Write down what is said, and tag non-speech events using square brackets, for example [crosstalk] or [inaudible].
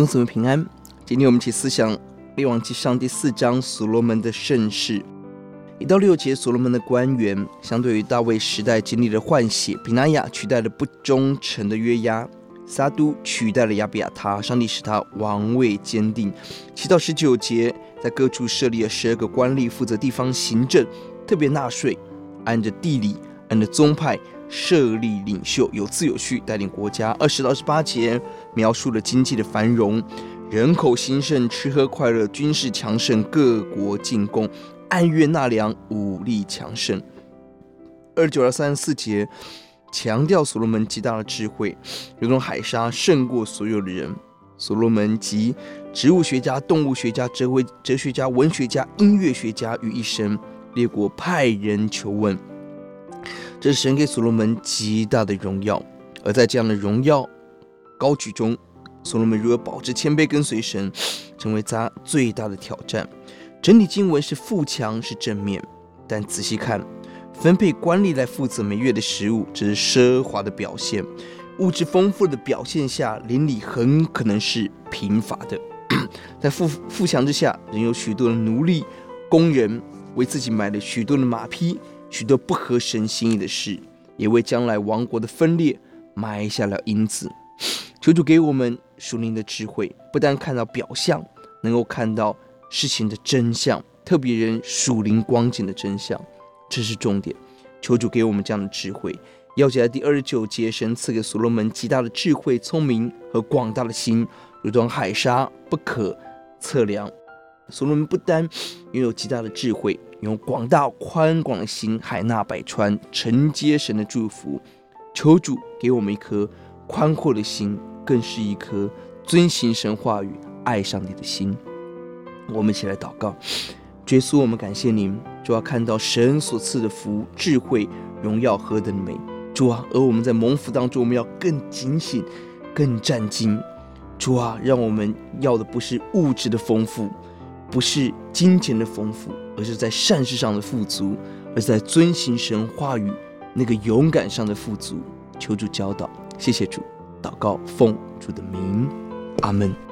主怎麼平安？今天我們一起思想《列王記上》第四章所羅門的盛世，一到六節所羅門的官員，相對於大衛時代經歷了換血，比拿雅取代了不忠誠的約押，撒督取代了亞比亞他，上帝使他王位堅定。七到十九節在各處設立了十二個官吏，負責地方行政，特別納稅，按着地理，按着宗派。設立領袖，有自有序帶領國家。二十到二十八節描述了經濟的繁榮、人口興盛、吃喝快樂、軍事強盛、各國進貢、按月納糧、武力強盛。二十九到三十四節強調所羅門極大的智慧，如同海沙勝過所有的人。所羅門集植物學家、動物學家、哲為哲學家、文學家、音樂學家於一身，列國派人求問。這是神給所羅門極大的榮耀，而在這樣的榮耀高舉中，所羅門如何保持謙卑跟隨神，成為他最大的挑戰。整體經文是富強是正面，但仔細看，分配官吏來負責每月的食物，這是奢華的表現。物質豐富的表現下，靈裡很可能是貧乏的。在 [coughs] 富富強之下，仍有許多的奴隸工人為自己買了許多的馬匹。許多不合神心意的事，也為將來王國的分裂埋下了因子。求主給我們屬靈的智慧，不但看到表象，能夠看到事情的真相，特別人，屬靈光景的真相，這是重點。求主給我們這樣的智慧。要記得第二十九節，神賜給所羅門極大的智慧、聰明和廣大的心，如同海沙不可測量。所羅門不單擁有極大的智慧，擁有廣大寬廣的心，海納百川，承接神的祝福。求主給我們一顆寬闊的心，更是一顆遵行神話語、愛上你的心。我們一起來禱告。主耶穌，我們感謝您。主啊，看到神所賜的福、智慧、榮耀何等美。主啊，而我們在蒙福當中，我們要更警醒、更戰兢。主啊，讓我們要的不是物質的豐富，不是金錢的豐富，而是在善事上的富足，而是在遵行神話語、那個勇敢上的富足。求主教導，謝謝主，禱告奉主的名，阿門。